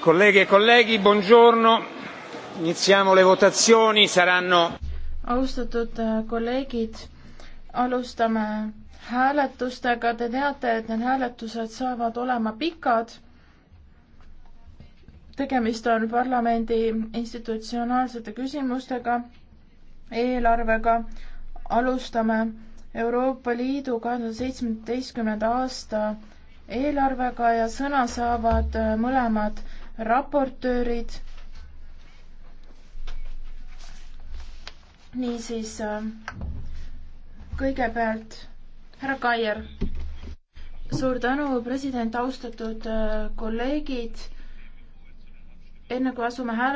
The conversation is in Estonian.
kolleeghe ja e kolleegid, buongiorno. Iniziamo le votazioni, saranno. austatud äh, kolleegid, alustame hääletustega. Te teate, et need hääletused saavad olema pikad. tegemist on parlamendi institutsionaalsete küsimustega, eelarvega. alustame Euroopa Liidu kahe tuhande seitsmeteistkümnenda aasta eelarvega ja sõna saavad äh, mõlemad raportöörid. niisiis äh, kõigepealt härra Kaier. suur tänu, president, austatud äh, kolleegid. enne kui asume hääletama,